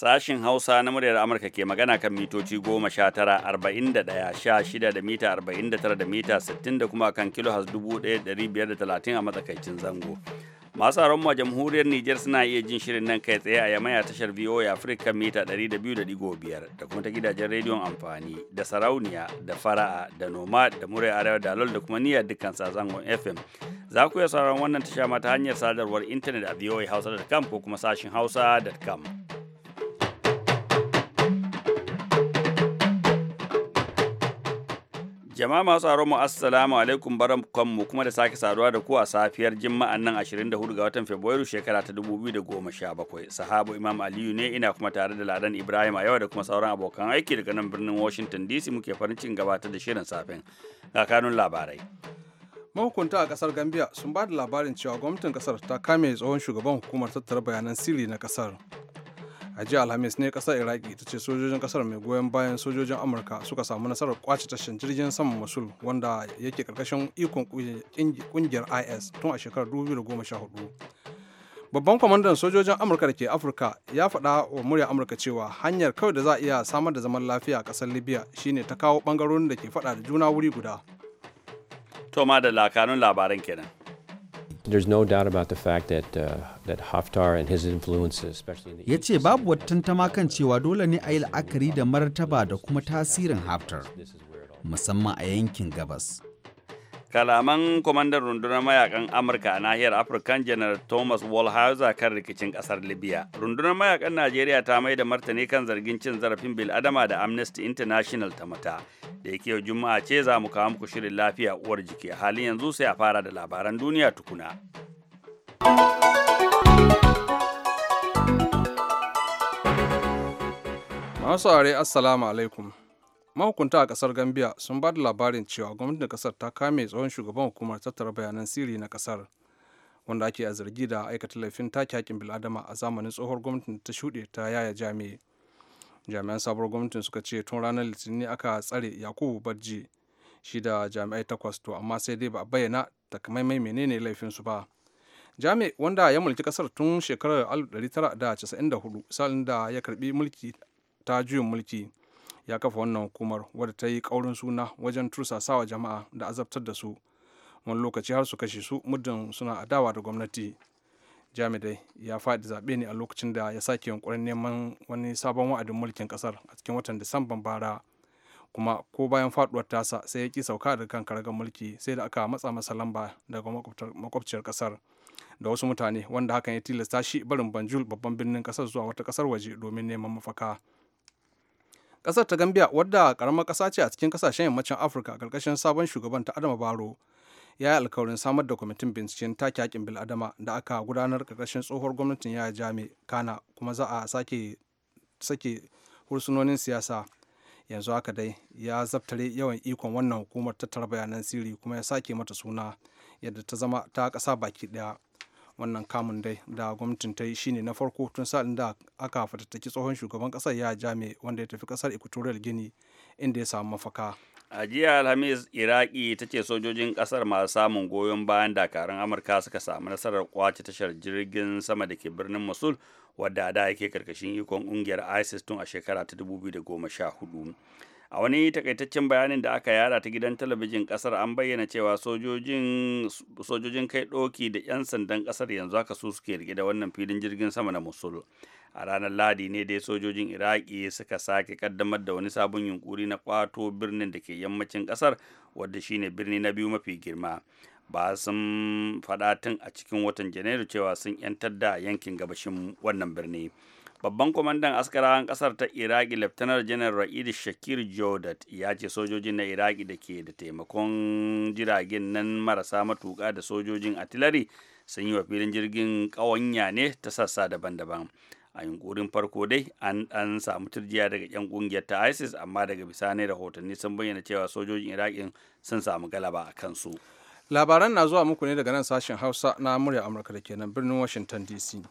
Sashin Hausa na muryar Amurka ke magana kan mitoci goma sha tara arba'in da ɗaya sha shida da mita arba'in da tara da mita sittin da kuma kan kilo has dubu ɗaya ɗari biyar da talatin a matsakaicin zango. Masu aron ma jamhuriyar Nijar suna iya jin shirin nan kai tsaye a yamaya tashar VOA Africa mita ɗari da kuma ta gidajen rediyon amfani da sarauniya da fara'a da noma da muryar arewa da lol da kuma niyyar dukkan zangon FM. Za ku iya sauran wannan tasha ma ta hanyar sadarwar intanet a voahausa.com ko kuma sashin hausa.com. Jama'a masu tsaro mu assalamu alaikum barakon mu kuma da sake saduwa da ku a safiyar juma'a nan 24 ga watan Fabrairu shekara ta 2017. Sahabu Imam Aliyu ne ina kuma tare da Ladan Ibrahim a yau da kuma sauran abokan aiki daga nan birnin Washington DC muke farin cikin gabatar da shirin safin ga kanun labarai. Mahukunta a kasar Gambia sun ba da labarin cewa gwamnatin kasar ta kame tsohon shugaban hukumar tattara bayanan sirri na kasar. a jiya alhamis ne kasar iraki ita ce sojojin kasar mai goyon bayan sojojin amurka suka samu nasarar kwace tashin jirgin saman masul wanda yake karkashin ikon kungiyar is tun a shekarar 2014 babban kwamandan sojojin amurka da ke afirka ya faɗa wa murya amurka cewa hanyar kawai da za a iya samar da zaman lafiya a ƙasar libya shine ta kawo ɓangarorin da ke faɗa da juna wuri guda toma da lakanun labaran kenan There's no doubt about the fact that, uh, that Haftar and his influence especially in the Yace babu wata tantama kan cewa dole ne a yi la'akari da martaba da kuma tasirin Haftar, musamman a yankin gabas. kalaman kwamandan rundunar mayakan amurka a nahiyar afirka janar thomas walhauser kan rikicin kasar libya rundunar mayakan najeriya ta mai da martani kan zargin cin zarafin biladama da amnesty international ta mata da yake yau juma'a ce za mu kawo muku shirin lafiya uwar jiki halin yanzu sai a fara da labaran duniya tukuna masu assalamu alaikum mahukunta a kasar gambia sun ba da labarin cewa gwamnatin kasar ta kame tsohon shugaban hukumar tattara bayanan sirri na kasar wanda ake a zargi da aikata laifin take hakkin biladama a zamanin tsohuwar gwamnatin ta shuɗe ta yaya jami'i jami'an sabuwar gwamnatin suka ce tun ranar litinin aka tsare yakubu barji shi da jami'ai takwas to amma sai dai ba a bayyana takamaimai menene laifinsu ba jami wanda ya mulki kasar tun shekarar 1994 salin da ya karbi mulki ta juyin mulki ya kafa wannan hukumar wadda ta yi kaurin suna wajen tursasawa jama'a da azabtar da su wani lokaci har su kashe su muddin suna adawa da gwamnati jami'ai ya faɗi zaɓe ne a lokacin da ya sake yunkurin neman wani sabon wa'adin mulkin ƙasar a cikin watan disamban bara kuma ko bayan faɗuwar tasa sai ya ki sauka da kan karagar mulki sai da aka matsa masa lamba daga makwabciyar ƙasar da wasu mutane wanda hakan ya tilasta shi barin banjul babban birnin ƙasar zuwa wata ƙasar waje domin neman mafaka kasar ta gambia wadda karamar kasa ce a cikin kasashen yammacin afirka karkashin sabon shugaban ta adama baro ya yi alkawarin samar da kwamitin binciken take hakin biladama da aka gudanar karkashin tsohuwar gwamnatin yaya jami kana kuma za a sake sake hursunonin siyasa yanzu haka dai ya zaftare yawan ikon wannan hukumar tattara bayanan sirri kuma ya sake mata suna yadda ta zama ta kasa baki daya wannan kamun dai da gwamnatin ta yi shine na farko tun sa'in da aka fatattaki tsohon shugaban kasar ya jame wanda ya tafi kasar equatorial gini inda ya samu mafaka a jiya alhamis iraki ta ce sojojin kasar masu samun goyon bayan dakarun amurka suka samu nasarar kwace tashar jirgin sama da ke birnin mosul wadda da yake karkashin ikon kungiyar isis tun a shekara ta 2014 a wani takaitaccen bayanin da aka yada ta gidan talabijin kasar an bayyana cewa sojojin kai doki da 'yan sandan kasar yanzu haka su suke rike da wannan filin jirgin sama na musul a ranar ladi ne dai sojojin iraki suka sake kaddamar da wani sabon yunkuri na kwato birnin da ke yammacin kasar wadda shine birni na biyu mafi girma ba sun faɗa tun a cikin watan janairu cewa sun 'yantar da yankin gabashin wannan birni. babban kwamandan askarawan kasar ta iraki laftanar janar ra'id shakir jodat ya ce sojojin na iraki da ke da taimakon jiragen nan marasa matuka da sojojin artillery sun yi wa filin jirgin kawanya ne ta sassa daban-daban a yunkurin farko dai an ɗan samu turjiya daga 'yan kungiyar ta isis amma daga bisani rahotanni sun bayyana cewa sojojin iraki sun samu galaba a kansu labaran na zuwa muku ne daga nan sashen hausa na murya amurka da ke nan birnin washington dc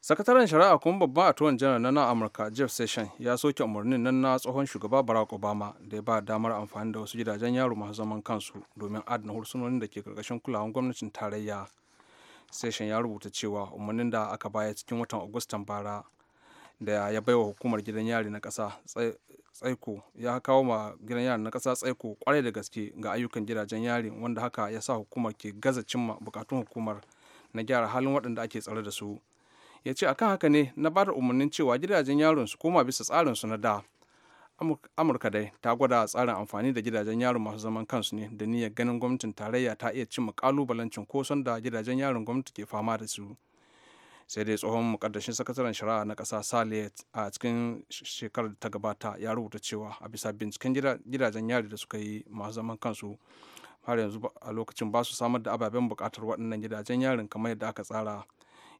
sakataren shari'a kuma babban atuwan janar na nan amurka jeff session ya soke umarnin nan na tsohon shugaba barack obama da ya ba damar amfani da wasu gidajen yaro masu zaman kansu domin adana hursunonin da ke karkashin kulawan gwamnatin tarayya session ya rubuta cewa umarnin da aka baya cikin watan agustan bara da ya baiwa hukumar gidan yari na ƙasa. tsaiko ya kawo ma gidan yarin na kasa tsaiko kwarai da gaske ga ayyukan gidajen yari wanda haka ya sa hukumar ke gaza cimma bukatun hukumar na gyara halin waɗanda ake tsare da su ya ce akan haka ne na ba da umarnin cewa gidajen yaron su koma bisa tsarin su na da amurka dai ta gwada tsarin amfani da gidajen yaron masu zaman kansu ne da niyyar ganin gwamnatin tarayya ta iya cimma kalubalancin koson da gidajen yarin gwamnati ke fama da su sai dai tsohon mukaddashin sakataren shari'a na kasa sale a cikin shekarar da ta gabata ya rubuta cewa a bisa binciken gidajen yari da suka yi masu zaman kansu har yanzu a lokacin ba su samar da ababen bukatar waɗannan gidajen yarin kamar yadda aka tsara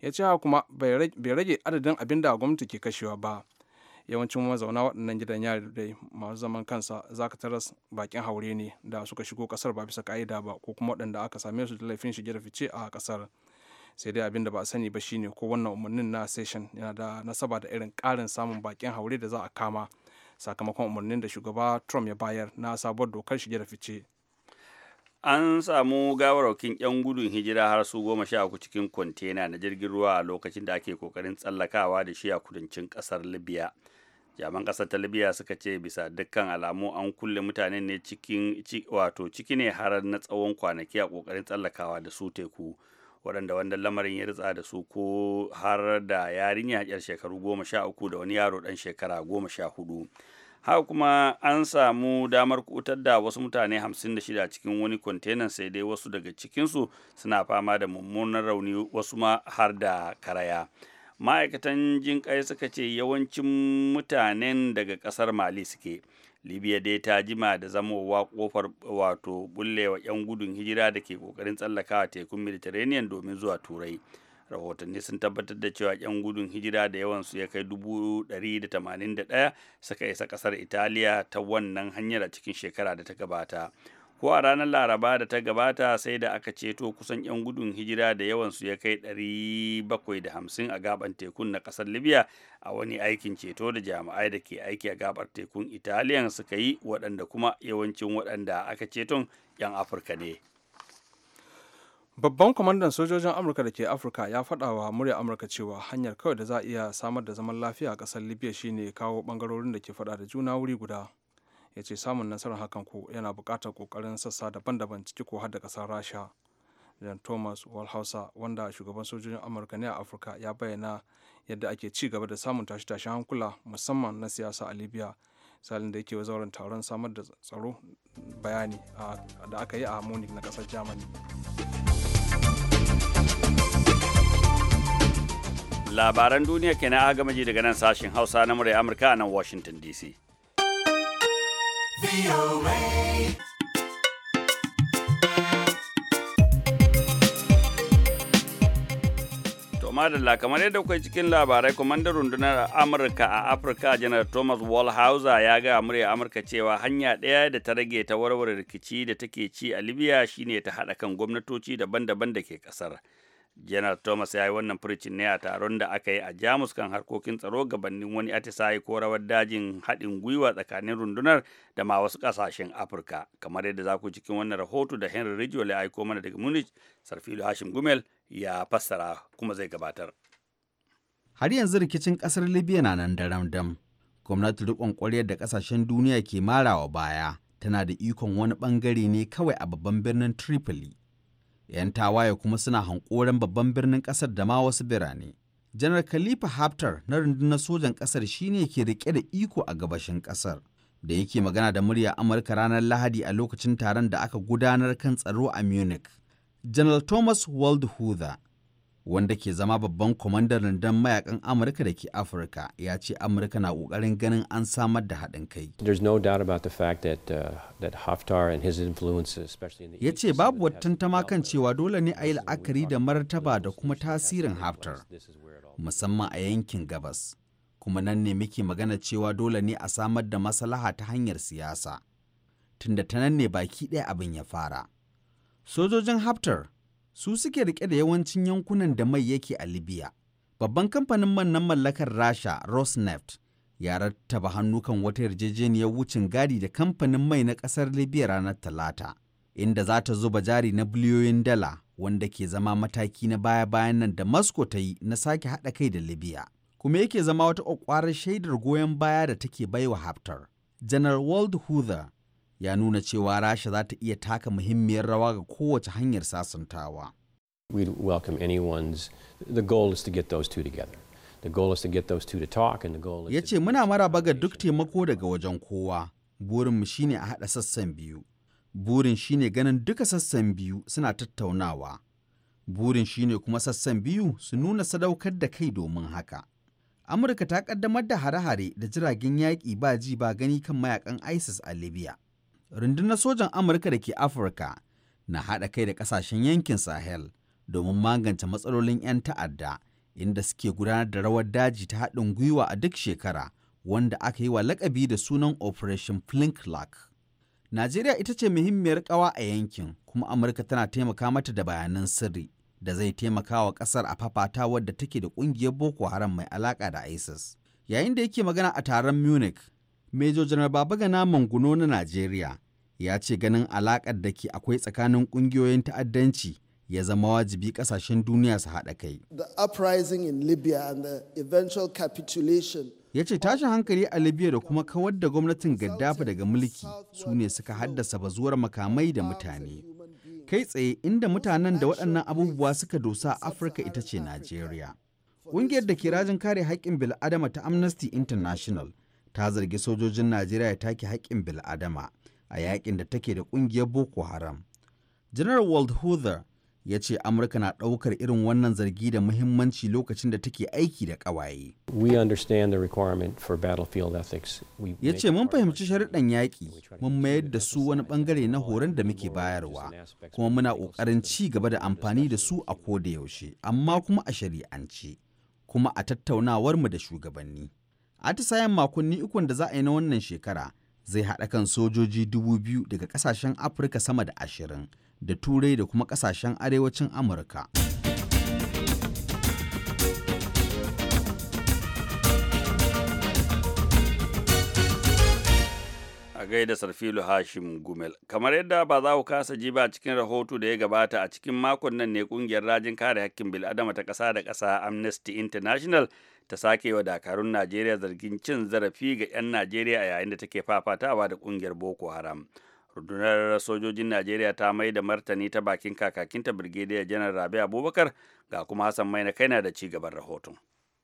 ya ce haka kuma bai rage adadin abin da gwamnati ke kashewa ba yawancin mazauna waɗannan gidan yari dai masu zaman kansa za ka taras bakin haure ne da suka shigo kasar ba bisa ka'ida ba ko kuma waɗanda aka same su da laifin shige da fice a kasar. sai dai abin da ba a sani ba shine ko wannan umarnin na session yana da nasaba da irin karin samun bakin haure da za a kama sakamakon umarnin da shugaba trump ya bayar na sabuwar dokar shige da fice an samu gawarwakin 'yan gudun hijira har su goma sha uku cikin kwantena na jirgin ruwa a lokacin da ake kokarin tsallakawa da shi a kudancin kasar libya jaman kasar ta libya suka ce bisa dukkan alamu an kulle mutane ne cikin wato ciki ne har na tsawon kwanaki a kokarin tsallakawa da su teku waɗanda wannan lamarin ya ritsa da su ko har da yarinya yar shekaru goma sha uku da wani yaro ɗan shekara goma sha hudu haka kuma an samu damar kutar da wasu mutane 56 cikin wani kwantenan sai dai wasu daga cikinsu suna fama da mummunan rauni wasu ma har da karaya ma'aikatan jinƙai suka ce yawancin mutanen daga ƙasar mali suke libya dai ta jima da zamowa kofar wato bullewa 'yan gudun hijira da ke kokarin tsallakawa tekun mediterranean domin zuwa turai rahotanni sun tabbatar da cewa 'yan gudun hijira da yawan su ya kai 181 suka isa ƙasar italiya ta wannan hanyar a cikin shekara da ta gabata ko a ranar laraba da ta gabata sai da aka ceto kusan 'yan gudun hijira da yawan su ya kai 750 a gaban tekun na kasar libya a wani aikin ceto da jami'ai da ke aiki a gabar tekun italiyan suka yi waɗanda kuma yawancin waɗanda aka ceton 'yan afirka ne babban kwamandan sojojin amurka da ke afirka ya faɗa wa murya amurka cewa hanyar kawai da za a iya samar da zaman lafiya a ƙasar libya shine kawo ɓangarorin da ke faɗa da juna wuri guda ya ce samun nasarar hakan ko yana buƙatar ƙoƙarin sassa daban-daban ciki ko har da ƙasar rasha jan thomas walhausa wanda shugaban sojojin amurka ne a afirka ya bayyana yadda ake ci gaba da samun tashe-tashen hankula musamman na siyasa a libya salin da yake zauren taron samar da tsaro bayani da aka yi a munich na kasar germany labaran duniya kenan aka gama ji daga nan sashen hausa na murai amurka a nan washington dc madalla kamar yadda kuka cikin labarai kwamandan rundunar amurka a afirka janar thomas walhauser ya ga murya amurka cewa hanya ɗaya da ta rage ta warware rikici da take ci a libya shine ta haɗa kan gwamnatoci daban-daban da ke ƙasar. janar thomas ya yi wannan furicin ne a taron da aka yi a jamus kan harkokin tsaro gabanin wani atisaye ko rawar dajin haɗin gwiwa tsakanin rundunar da ma wasu ƙasashen afirka kamar yadda za ku cikin wannan rahoto da henry rijiyar ya aiko mana daga munich sarfilo hashim gumel ya fassara kuma zai gabatar har yanzu rikicin ƙasar libya na nan da ramdam gwamnatin riƙon ƙwaryar da ƙasashen duniya ke marawa baya tana da ikon wani ɓangare ne kawai a babban birnin tripoli 'yan tawaye kuma suna hankoren babban birnin kasar da ma wasu birane. janar khalifa haftar na rundunar sojan ƙasar shine ke rike da iko a gabashin ƙasar da yake magana da murya amurka ranar lahadi a lokacin taron da aka gudanar kan tsaro a munich janar thomas waldhuther wanda ke zama babban kwamandan rundun mayakan amurka da ke afirka ya ce amurka na kokarin ganin an samar da haɗin kai uh, ya ce babu tantama kan cewa dole ne a yi la'akari da martaba da kuma tasirin haftar musamman a yankin gabas kuma nan ne muke magana cewa dole ne a samar da maslaha ta hanyar siyasa tunda ta nan ne baki ɗaya abin ya fara sojojin haftar su suke rike da yawancin yankunan da mai yake a libya babban kamfanin man nan mallakar rasha rosneft ya rattaba hannu kan wata yarjejeniyar wucin gadi da kamfanin mai na kasar libya ranar talata inda za ta zuba jari na biliyoyin dala wanda ke zama mataki na baya-bayan nan da moscow ta yi na sake haɗa kai da libya kuma yake zama wata ƙwaƙwarar shaidar goyon baya da take baiwa haftar janar world huther ya nuna cewa rasha za ta iya taka muhimmiyar rawa ga kowace hanyar sasantawa. We welcome anyone's the goal is to get those two together. The goal is to get those two to talk and the goal is Yace muna maraba ga duk taimako daga wajen kowa. Burin mu shine a haɗa sassan biyu. Burin shine ganin duka sassan biyu suna tattaunawa. Burin shine kuma sassan biyu su nuna sadaukar da kai domin haka. Amurka ta kaddamar da hare-hare da jiragen yaƙi ba ji ba gani kan mayakan ISIS a Libya. rundunar sojan amurka da ke afirka na haɗa kai da ƙasashen yankin sahel domin magance matsalolin 'yan ta'adda inda suke gudanar da rawar daji ta haɗin gwiwa a duk shekara wanda aka yi wa lakabi da sunan operation flink lock najeriya ita ce muhimmiyar kawa a yankin kuma amurka tana taimaka mata da bayanan sirri da zai taimaka wa kasar a fafata wadda take da kungiyar boko haram mai alaƙa da isis yayin da yake magana a taron munich Major General Babagana Mangono na Najeriya ya ce ganin alaƙar da ke akwai tsakanin ƙungiyoyin ta'addanci ya zama wajibi ƙasashen duniya su haɗa kai. The uprising in Libya and the eventual capitulation ya ce tashin hankali a libya da kuma kawar da gwamnatin gaddafi daga mulki su ne suka haddasa bazuwar makamai da mutane kai tsaye inda mutanen da waɗannan abubuwa suka dosa afirka ita ce najeriya ƙungiyar da ke rajin kare haƙƙin bil'adama ta amnesty international ta zargi sojojin najeriya take haƙƙin bil'adama a yaƙin da take da ƙungiyar boko haram general wald huther ya ce amurka na ɗaukar irin wannan zargi da muhimmanci lokacin da take aiki da ƙawaye ya ce mun fahimci sharuɗan yaƙi mun mayar da su wani ɓangare na horon da muke bayarwa kuma muna ƙoƙarin ci gaba da amfani da su a kodayaushe yaushe amma kuma a shari'ance kuma a tattaunawarmu da shugabanni atisayen makonni ukun da za a yi na wannan shekara zai haɗa kan sojoji dubu biyu daga ƙasashen afirka sama da ashirin da turai da kuma ƙasashen arewacin amurka a gaida sarfilu hashim gumel kamar yadda ba za ku kasa ji ba cikin rahoto da ya gabata a cikin makon nan ne kungiyar rajin kare hakkin bil'adama ta ƙasa da ƙasa amnesty international ta sake wa dakarun najeriya zargin cin zarafi ga 'yan najeriya a yayin da take fafatawa da kungiyar boko haram rundunar sojojin najeriya ta mai da martani ta bakin kakakinta birgidiyar janar rabi abubakar ga kuma hassan mai na kaina da ci gaban rahoton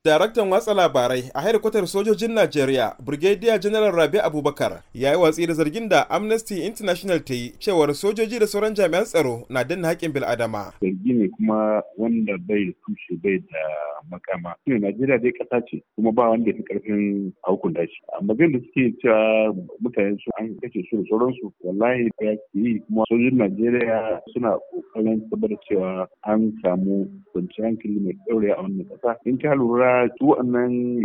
Daraktan watsa labarai a hedikwatar sojojin Najeriya, Brigadier General Rabi Abubakar, ya yi watsi da zargin da Amnesty International ta yi cewar sojoji da sauran jami'an tsaro na danna haƙƙin bil'adama. Zargi ne kuma wanda bai da tushe bai da makama. Ina Najeriya dai ƙasa ce kuma ba wanda fi ƙarfin hukunta shi. Magan da suke cewa mutane su an kashe su da sauransu wallahi ya yi kuma sojojin Najeriya suna ƙoƙarin tabbatar cewa an samu kwanciyar hankali mai ɗaure a wannan ƙasa. In ka lura gaskiya su wannan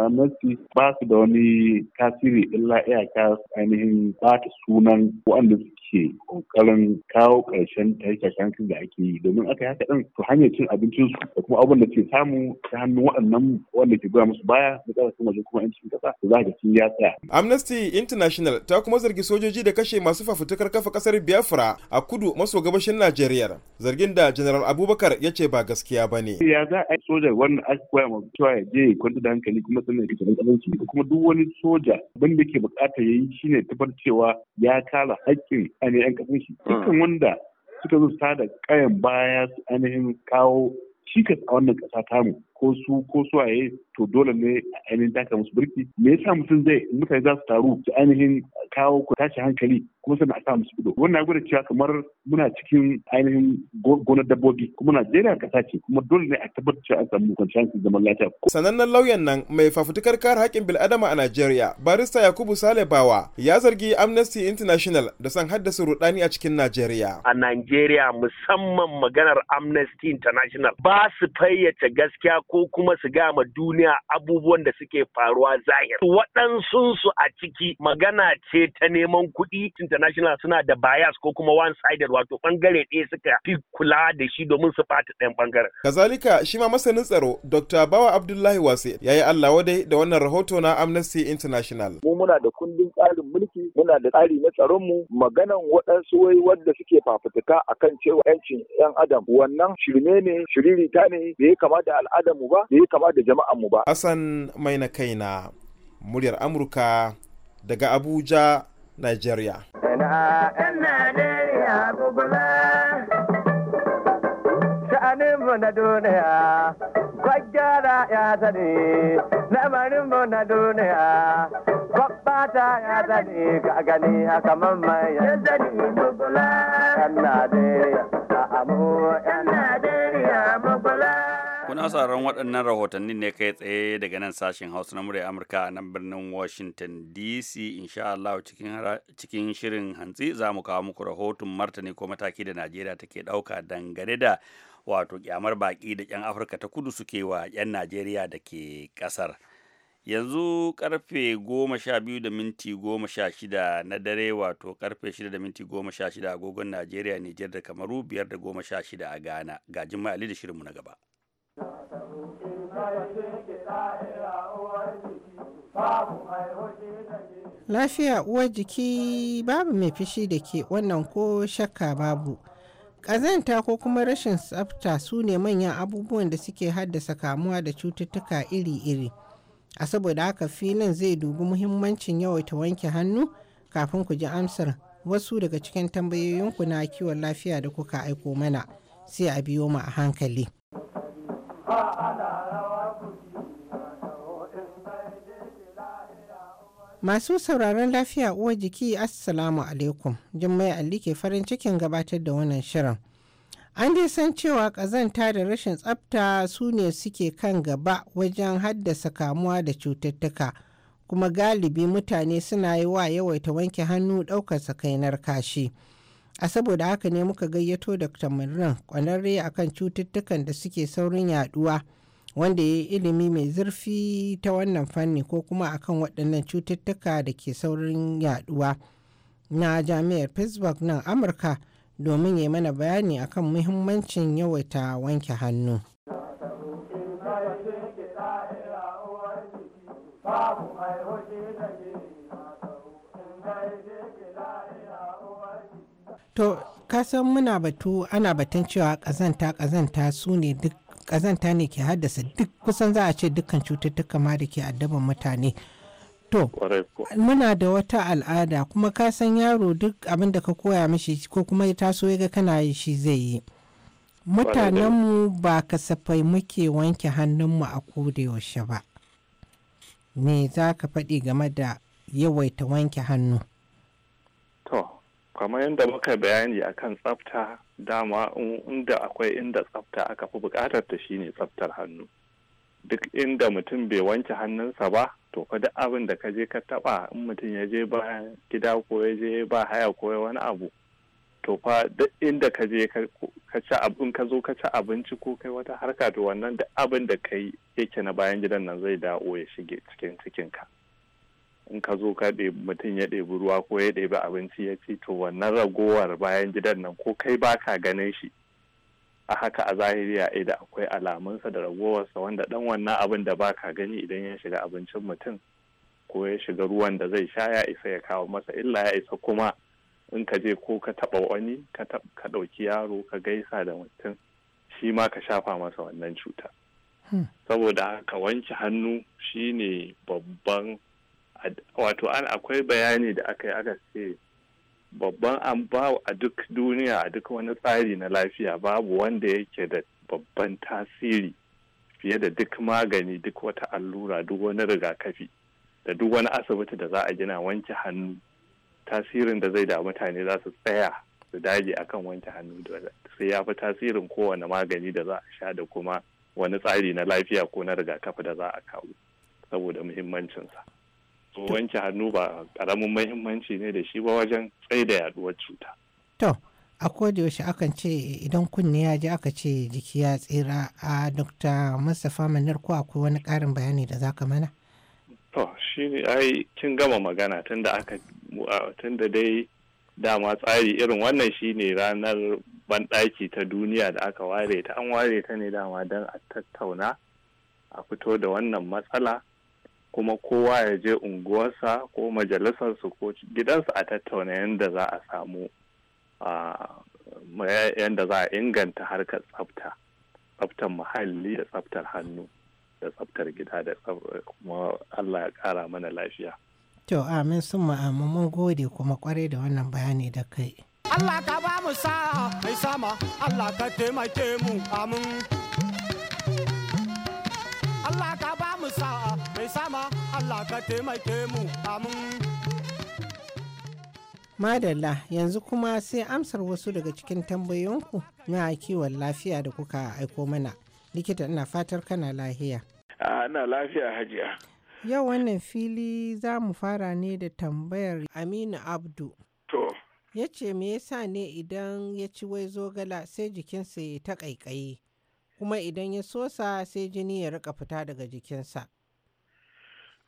ba su da wani tasiri illa iyaka ainihin ba ta sunan waɗanda suke kokarin kawo ƙarshen tashe-tashen da ake yi domin aka haka din su hanyar cin abincin su da kuma abin da ke samu ta hannun waɗannan wanda ke goya musu baya na ƙara kuma kuma ƴancin kasa su za ka cin ya tsaya. Amnesty International ta kuma zargi sojoji da kashe masu fafutukar kafa kasar Biafra a kudu maso gabashin Najeriya zargin da General Abubakar ya ce ba gaskiya ba ne. Ya za a yi soja wannan aka koya ma cewa je ya kwanta da hankali kuma sannan ya kashe ko kuma duk wani soja abin da ke bukata ya yi shine tabbar cewa ya kala haƙƙin ainihin 'yan shi hmm. dukkan wanda suka zo sada kayan baya su ainihin kawo cikas a wannan ƙasa tamu ko su ko su waye to dole ne ainihin taka musu birki me yasa mutum zai mutane za su taru su ainihin kawo ku tashi hankali kuma sannan a sa musu ido wannan ya gwada cewa kamar muna cikin ainihin gonar dabbobi kuma Najeriya kasa ce kuma dole ne a tabbatar cewa an samu kwanciyar hankali zaman lafiya. sanannen lauyan nan mai fafutukar kare haƙƙin bil'adama a Najeriya barista Yakubu Sale Bawa ya zargi Amnesty International da san haddasa rudani a cikin Najeriya. A Najeriya musamman maganar Amnesty International ba su fayyace gaskiya ko kuma su gama duniya abubuwan da suke faruwa zahir. su a ciki magana ce ta neman kuɗi international suna da bias ko kuma one sided wato ɓangare ɗaya suka fi kula da shi domin su fata ɗayan ɓangaren. Kazalika shi ma masanin tsaro Dr. Bawa Abdullahi Wase ya yi Allah wadai da wannan rahoto na Amnesty International. Mu muna da kundin tsarin mulki muna da tsari na tsaron mu. maganan waɗansu wai wadda suke fafutuka akan cewa 'yancin 'yan adam wannan shirme ne shiririta ne da ya kamata al'adar da mu ba da yi kama da jama'an mu ba Hassan mai na kaina muryar Amurka daga Abuja Nigeria mu na duniya kwaggara ya sani lamarin mu na duniya kwabbata ya sani ka gani haka mamman ya sani mugula yan najeriya amu yan najeriya mugula Kuna sauraron waɗannan rahotannin ne kai tsaye daga nan sashen Hausa na murya Amurka a nan birnin Washington DC insha Allah cikin shirin hantsi za mu kawo muku rahoton martani ko mataki da Najeriya take ɗauka dangane da wato kyamar baƙi da 'yan Afirka ta kudu suke wa 'yan Najeriya da ke ƙasar. yanzu karfe goma sha biyu da minti goma sha shida na dare wato karfe shida da minti goma sha shida agogon najeriya nijar da kamaru biyar da goma sha shida a ghana ga jimma ali da shirinmu na gaba Lafiya uwar jiki babu mai fishi da ke wannan ko shakka babu. Ƙazanta ko kuma rashin tsafta su ne manyan abubuwan da suke haddasa kamuwa da cututtuka iri-iri. A saboda haka filin zai dubi muhimmancin yawaita wanke hannu kafin ku ji amsar wasu daga cikin tambayoyinku na kiwon lafiya da kuka aiko mana sai a biyo mu a hankali. Masu sauraron lafiya uwar jiki Assalamu alaikum, Jummai Ali ke farin cikin gabatar da wannan shirin. An dai san cewa ƙazanta da rashin tsafta su ne suke kan gaba wajen haddasa kamuwa da cututtuka, kuma galibi mutane suna yi wa yawaita wanke hannu ɗaukar sakainar kashi. a saboda haka ne muka gayyato dr murnan kwanarre akan cututtukan da suke saurin yaduwa wanda ya yi ilimi mai zurfi ta wannan fanni ko kuma akan waɗannan cututtuka da ke saurin yaduwa na jami'ar pittsburgh nan amurka domin ya mana bayani akan muhimmancin yawaita wanke hannu To, kasan muna batu ana batun cewa ƙazanta kazanta su ne duk kazanta ne ke haddasa duk kusan za a ce dukkan cututtuka ma da ke addaban mutane. To, muna da wata al'ada kuma kasan yaro duk abin da ka koya mishi ko kuma ya taso ya ga kana shi zai yi. Mutanenmu ba kasafai muke wanke hannunmu a yaushe ba. Me za ka faɗi game da yawaita wanke hannu? kamar yadda muka bayani akan tsafta dama inda akwai inda tsafta aka fi bukatar ta shine tsaftar hannu duk inda mutum bai wanke hannunsa ba to fa duk abin da ka je ka taba in mutum ya je ba gida ko ya je ba haya ko wani abu to fa duk inda ka je ka ci abin ka zo ka ci abinci ko kai wata harka to wannan duk abin da kai yake na bayan gidan nan zai dawo ya shige cikin ka in ka zo ka ɗebi mutum ya ɗebi ruwa ko ya ɗebi abinci ya ci to wannan ragowar bayan gidan nan ko kai ba ka ganin shi a haka a zahiri a da akwai alamunsa da ragowarsa wanda ɗan wannan abin da baka gani idan ya shiga abincin mutum ko ya shiga ruwan da zai sha ya isa ya kawo masa illa ya isa kuma in ka je ko ka taɓa wani ka ɗauki yaro ka gaisa da mutum shi ma ka shafa masa wannan cuta hmm. saboda haka wanke hannu shine babban wato an akwai bayani da aka yi aka ce babban an ba a duk duniya a duk wani tsari na lafiya babu wanda yake da babban tasiri fiye da duk magani duk wata allura duk wani rigakafi da duk wani asibiti da za a gina wanke hannu tasirin da zai da mutane za su tsaya su dage akan wanke hannu sai ya fi tasirin kowane magani da za a sha da kuma wani tsari na lafiya ko na rigakafi da za a kawo saboda muhimmancinsa to wanke hannu ba karamin mahimmanci ne da shi ba wajen tsaida yaduwar cuta to a yaushe akan ce idan kunne ya ji aka ce jiki ya tsira a dr mustapha manar ko akwai wani karin bayani da zaka mana to shi ne ai kin gama magana tunda aka tunda dai dama tsari irin wannan shine ranar banɗaki ta duniya da aka ware ta an ware ta ne dama don a tattauna a fito da wannan matsala kuma kowa ya je unguwarsa ko majalisarsu ko gidansa a tattauna yadda za a samu yadda za a inganta harkar tsafta tsaftar muhalli da tsaftar hannu da tsaftar gida da kuma allah ya kara mana lafiya to amin sun ma'amu mun gode kuma kwarai da wannan bayani da kai allah ka ba mu sa'a mai sama allah ka taimake mu amin allah ka ba mu sa'a sama Allah ka taimake mu amin. Madalla yanzu kuma sai amsar wasu daga cikin tambayoyinku na kiwon lafiya da kuka aiko mana. Likita ina fatar kana lafiya. Ana lafiya hajiya. Yau wannan fili za mu fara ne da tambayar Aminu Abdu. To. Ya ce me yasa ne idan ya ci wai zogala sai jikinsa ya ta kuma idan ya sosa sai jini ya rika fita daga jikinsa.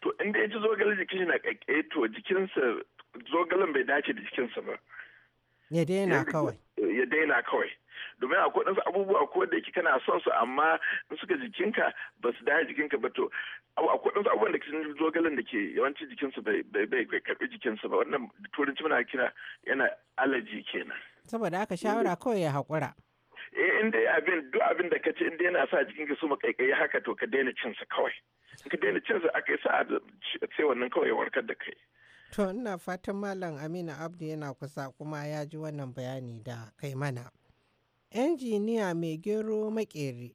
to inda ya ci zogalin jikin shi na kakkaye eh to jikinsa zogalen bai dace da jikinsa ba ya daina kawai eh, ya daina kawai domin akwai ɗansu abubuwa ko da yake kana son su amma in suka jikinka ba su dace jikinka ba to akwai ɗansu abubuwan da cikin zogalen da ke yawanci jikinsu bai bai karɓi jikinsu ba wannan turanci muna kira yana alaji kenan saboda aka shawara kawai ya haƙura eh in dai abin duk abin da ka ce in dai yana sa jikinka su makaikai haka to ka daina cinsa kawai ka daina cin su aka yi sa'a ce wannan kawai warkar da kai to ina fatan malam aminu abdu yana kusa kuma ya ji wannan bayani da kai mana injiniya mai gero makeri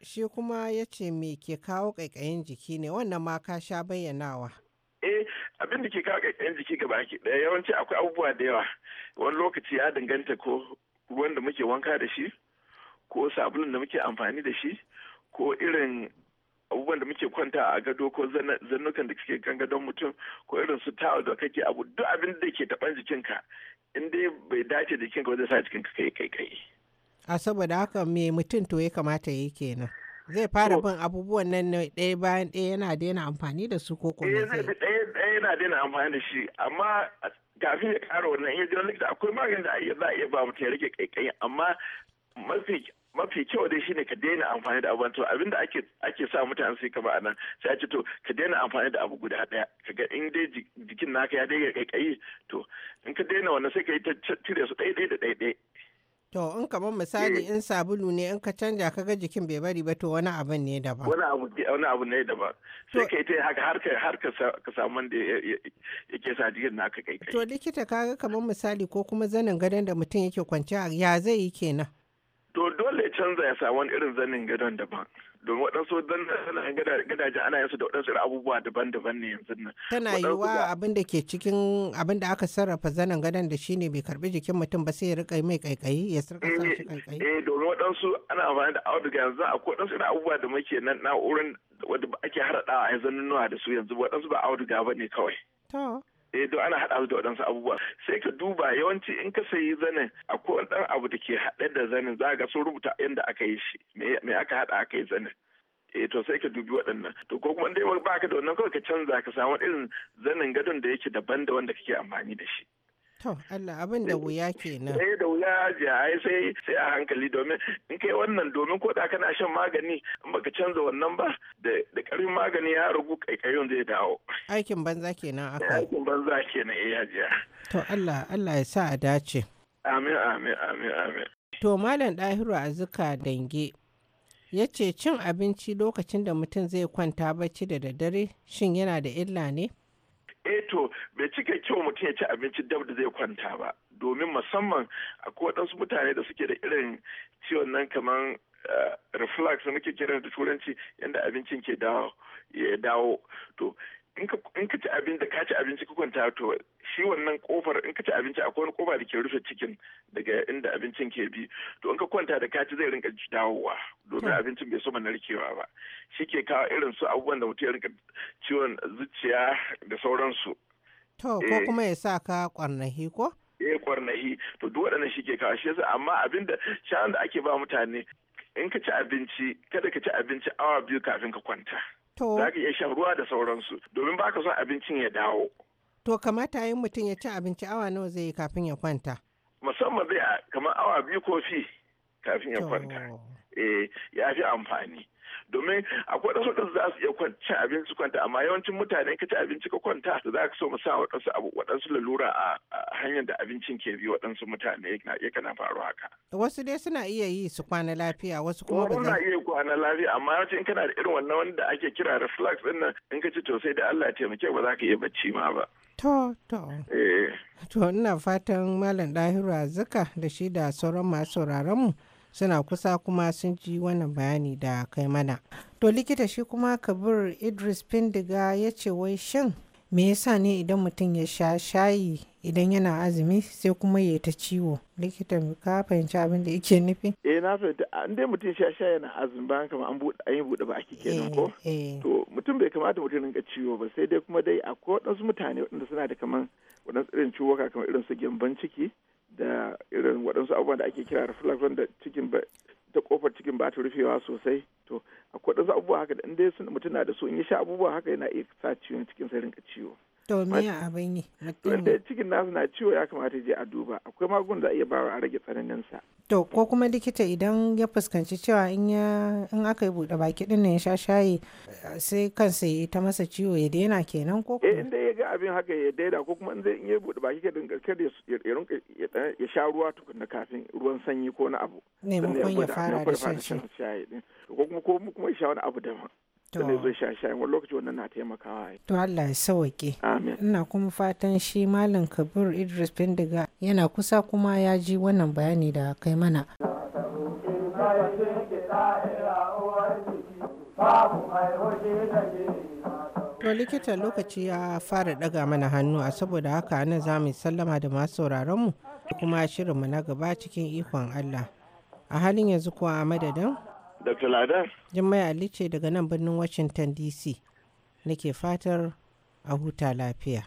shi kuma ya ce me ke kawo ƙaiƙayin jiki ne wannan ma ka sha bayyanawa eh abin da ke kawo ƙaiƙayin jiki ga ke ɗaya yawanci akwai abubuwa da yawa wani lokaci ya danganta ko ruwan da muke wanka da shi ko sabulun da muke amfani da shi ko irin abubuwan da muke kwanta a gado ko zannukan da suke kan gadon mutum ko irin su tawul da kake abu duk abin da ke taban jikinka in dai bai dace jikinka wajen sa jikinka kai kai kai a saboda haka me mutum to ya kamata yi kenan zai fara bin abubuwan nan ne ɗaya bayan ɗaya yana daina amfani da su ko kuma eh zai bi ɗaya ɗaya yana daina amfani da shi amma kafin ya ƙara wannan in eh, ya likita akwai magani da za a iya ba mutum ya rage kai-kai amma mafi mafi kyau dai shine ka daina amfani da abubuwan to abinda ake ake sa mutane sai kama anan sai a ce to ka daina amfani da abu guda daya kaga in dai jikin naka ya daina kaikayi to in ka daina wannan sai ka yi ta cire su daidai da daidai. To in ka bar misali eh. in sabulu ne in ka canja ka ga jikin bai bari ba to wani abu ne daban. Wani abu wani abu ne daban. Sai kai ta haka har har ka samu wanda yake sa jikin naka kaikayi To likita kaga kamar misali ko kuma zanin gadon da mutum yake kwanciya ya zai yi kenan. to dole canza ya samu irin zanin gadon daban don waɗansu zanen gadaje ana yin su da waɗansu abubuwa daban-daban ne yanzu nan. Tana yi abin da ke cikin abin da aka sarrafa zanen gadon da shine bai karbi jikin mutum ba sai ya rika mai kaikayi ya sarka sa eh, shi kaikayi. Eh domin waɗansu ana amfani da auduga yanzu akwai waɗansu abubuwa da muke nan na'urar wadda ake haɗa a yanzu nuna da su yanzu waɗansu ba auduga ba ne kawai. To. eh don ana haɗa su da waɗansu abubuwa sai ka duba yawanci in ka sayi zanin akwai wani ɗan abu da ke haɗe da zanin za ga sun rubuta yadda aka yi shi me aka haɗa aka yi zanin eh to sai ka dubi waɗannan to ko kuma dai ba ka da wannan kawai ka canza ka samu irin zanin gadon da yake daban da wanda kake amfani da shi To Allah abin da wuya kenan. Sai eh, da wuya ji ai sai sai a hankali domin in kai wannan domin ko da kana shan magani in baka canza wannan ba da karin magani ya rugu kaikayon zai dawo. Aikin banza kenan aka. Aikin banza kenan eh To Allah Allah ya sa a dace. Amin amin amin amin. To Malam Dahiru Azuka Dange ya ce cin abinci lokacin da mutum zai kwanta bacci da daddare shin yana da illa ne? eto eh bai cika kyau mutum ya ci abinci dab da zai kwanta ba domin musamman akwai waɗansu mutane da suke da irin ciwon nan kamar eh, reflux muke kiran da turanci yadda abincin ke dawo ya dawo to in ka ci abinci ka ci abinci ka kwanta to shi wannan kofar in ka ci abinci akwai wani kofa da ke rufe cikin daga inda abincin ke bi to in ka kwanta da ci zai rinka dawowa domin hmm. abincin bai soma narkewa ba shi ke kawo irin su abubuwan da mutum ya rinka ciwon zuciya da sauransu to ko eh. kuma ya sa ka kwarnahi ko eh kwarnahi to duk waɗannan shi ke kawo shi yasa amma abin da shan da ake ba mutane in ka ci abinci kada ka ci abinci awa biyu kafin ka kwanta Za ka iya shan ruwa da sauransu domin ba ka son abincin ya dawo. To kamata yin mutum ya ci abinci awa nawa zai yi kafin ya kwanta. Musamman zai kamar awa biyu ko fi kafin ya kwanta. Eh ya fi amfani. domin akwai wasu wadansu za su iya cin abinci kwanta amma yawancin mutane ka ci abinci ka kwanta za ka so mu sa wadansu abu wadansu lalura a hanyar da abincin ke bi wadansu mutane ya kana faru haka. Wasu dai suna iya yi su kwana lafiya wasu kuma ba za. iya kwana lafiya amma yawanci in kana da irin wannan wanda ake kira reflux din nan in ka ci to sai da Allah ya taimake ba za ka iya bacci ma ba. To, to. Eh. To, ina fatan Malam Dahiru Azuka da shi da sauran masu sauraronmu mu. suna kusa kuma sun ji wannan bayani da kai mana to likita shi kuma kabir idris bindiga ya ce wai shin me yasa ne idan mutum ya sha shayi idan yana azumi sai kuma ya ta ciwo likita ka fahimci abin da yake nufi eh na fahimta an ah, dai mutum sha shayi yana azumi bayan kama an buɗe an yi buɗe ba ake kenan ko eh, eh. to mutum bai kamata mutum rinka ciwo ba sai dai kuma dai akwai waɗansu mutane waɗanda suna da kaman waɗansu irin ciwo kamar irin su gyamban ciki da irin waɗansu abubuwan da ake kira reflux wanda cikin ba ta kofar cikin ba ta rufewa sosai to akwai waɗansu abubuwa haka da inda mutum na da su in yi sha abubuwa haka yana iya sa ciwon cikin sa rinka ciwo To me abin yi? Wanda cikin nasu na ciwo ya kamata je a duba akwai magun da iya bawa a rage tsananin sa. To ko kuma likita idan ya fuskanci cewa in ya in aka yi buɗe baki din ya sha shayi sai kansa ya ta masa ciwo ya daina kenan ko eh, kuma? inda ya ga abin haka ya daida ko kuma in zai in ya buɗe baki kadin gaskar ya rinka ya sha ruwa tukunna kafin ruwan sanyi ko na abu. Ne mun ya fara da shan shayi. Ko kuma ko kuma ya sha wani abu daban. da ne zo shashayen wani lokaci wannan na taimakawa to Allah ya amin ina kuma fatan shi malam kabir idris bindiga yana kusa kuma ya ji wannan bayani da kai mana To likita lokaci ya fara daga mana hannu a saboda haka ana za mu sallama da masu sauraronmu mu kuma shirinmu na gaba cikin ikon Allah. A halin yanzu kuwa a madadin Dr. Ladar. Jummai Ali ce daga nan birnin Washington DC. Nake fatar a huta lafiya.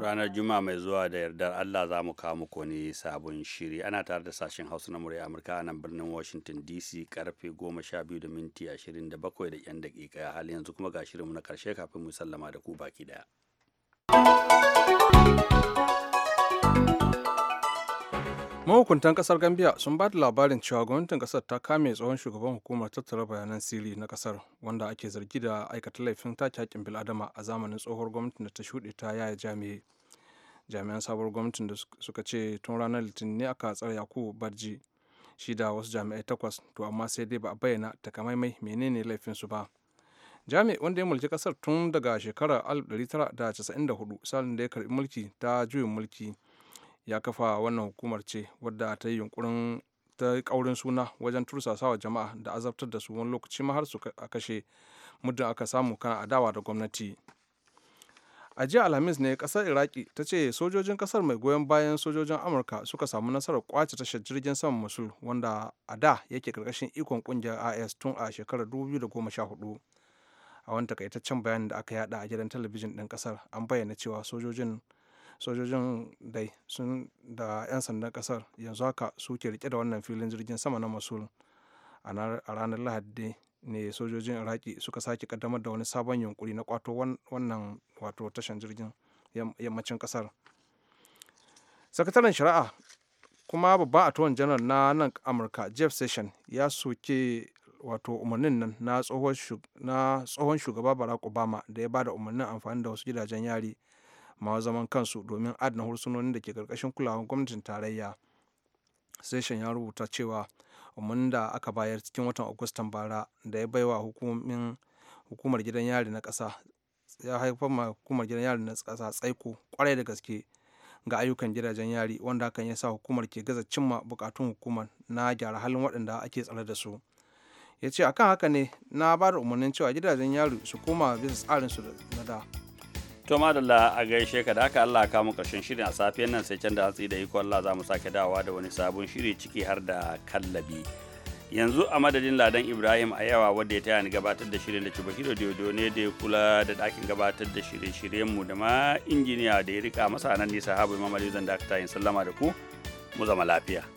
Ranar juma mai zuwa da yardar Allah za mu kawo muku ne sabon shiri. Ana tare da sashen Hausa na murya Amurka a nan birnin Washington DC karfe 12 da minti 27 da 'yan dakika halin yanzu kuma ga shirinmu na karshe kafin mu sallama da ku baki daya. mahukuntan kasar gambia sun ba da labarin cewa gwamnatin kasar ta kame tsohon shugaban hukumar tattara bayanan sirri na kasar wanda ake zargi da aikata laifin take hakkin biladama a zamanin tsohuwar gwamnatin da ta shuɗe ta yaya jami'ai jami'an sabuwar gwamnatin da suka ce tun ranar litinin ne aka tsara yaku barji shi da wasu jami'ai takwas to amma sai dai ba a bayyana takamaimai menene su ba jami wanda ya mulki kasar tun daga shekarar 1994 salin da ya karbi mulki ta juyin mulki ya kafa wannan hukumar ce wadda ta yi yunkurin ta kaurin suna wajen tursasawa jama'a da azabtar da su wani lokaci ma har su a kashe muddin aka samu kan adawa da gwamnati a jiya alhamis ne kasar iraki ta ce sojojin kasar mai goyon bayan sojojin amurka suka samu nasarar kwace tashar jirgin saman musul wanda a da yake karkashin ikon kungiyar is tun a shekarar 2014 a wani takaitaccen bayanin da aka yada a gidan talabijin din kasar an bayyana cewa sojojin sojojin dai sun da 'yan sandan kasar yanzu haka suke rike da wannan filin jirgin sama na masul a ranar lahadi ne sojojin iraki suka sake kaddamar da wani sabon yunkuri na kwato wannan wato tashan jirgin yammacin kasar sakataren shari'a kuma babban attorney janar na nan amurka jeff session ya soke wato umarnin nan na tsohon shugaba barack obama da ya bada umarnin amfani da wasu gidajen yari ma zaman kansu domin adana hursunonin da ke karkashin kulawar gwamnatin tarayya session ya rubuta cewa umarnin da aka bayar cikin watan agustan bara da ya baiwa hukumar gidan yari na ƙasa ya haifar ma hukumar gidan yari na ƙasa tsaiko kwarai da gaske ga ayyukan gidajen yari wanda hakan ya sa hukumar ke gaza cimma bukatun hukumar na gyara halin waɗanda ake tsare da su ya ce akan haka ne na ba da umarnin cewa gidajen yari su koma bisa tsarin su na da to madalla a gaishe ka da haka Allah ka mu karshen shirin a safiyan nan sai can da hatsi da iko Allah za mu sake dawowa da wani sabon shiri ciki har da kallabi yanzu a madadin ladan ibrahim a yawa wadda ya taya ni gabatar da shirin da cibahiro diodo ne da ya kula da dakin gabatar da shirye-shiryen mu da ma injiniya da ya rika masa nan nisa habu imam aliyu zan dakata yin sallama da ku mu zama lafiya